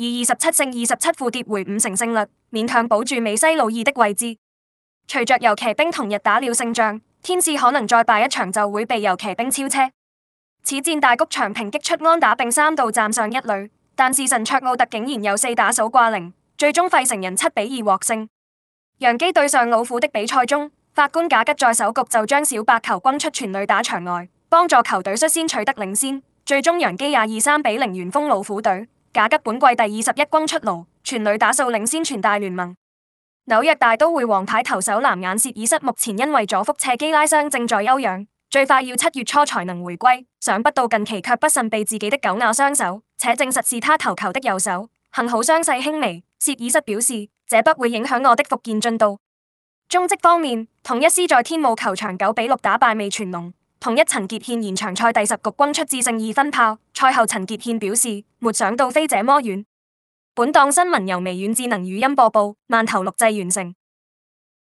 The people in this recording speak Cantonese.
以二十七勝二十七負跌回五成勝率，勉強保住美西老二的位置。隨着遊騎兵同日打了勝仗，天使可能再敗一場就會被遊騎兵超車。此戰大谷翔平擊出安打並三度站上一壘，但是神卓奧特竟然有四打數掛零，最終費城人七比二獲勝。洋基對上老虎的比賽中，法官賈吉在首局就將小白球轟出全壘打牆外，幫助球隊率先取得領先，最終洋基也以三比零完封老虎隊。賈吉本季第二十一轟出爐，全壘打數領先全大聯盟。紐約大都會王牌投手藍眼切爾室目前因為左腹斜肌拉傷正在休養，最快要七月初才能回歸。想不到近期卻不慎被自己的狗咬傷手，且證實是他投球的右手。幸好傷勢輕微，切爾室表示這不會影響我的復健進度。中職方面，統一獅在天母球場九比六打敗味全龍。統一陳傑憲延長賽第十局轟出致勝二分炮，賽後陳傑憲表示沒想到飛這麼遠。本檔新聞由微軟智能語音播報，饅頭錄製完成。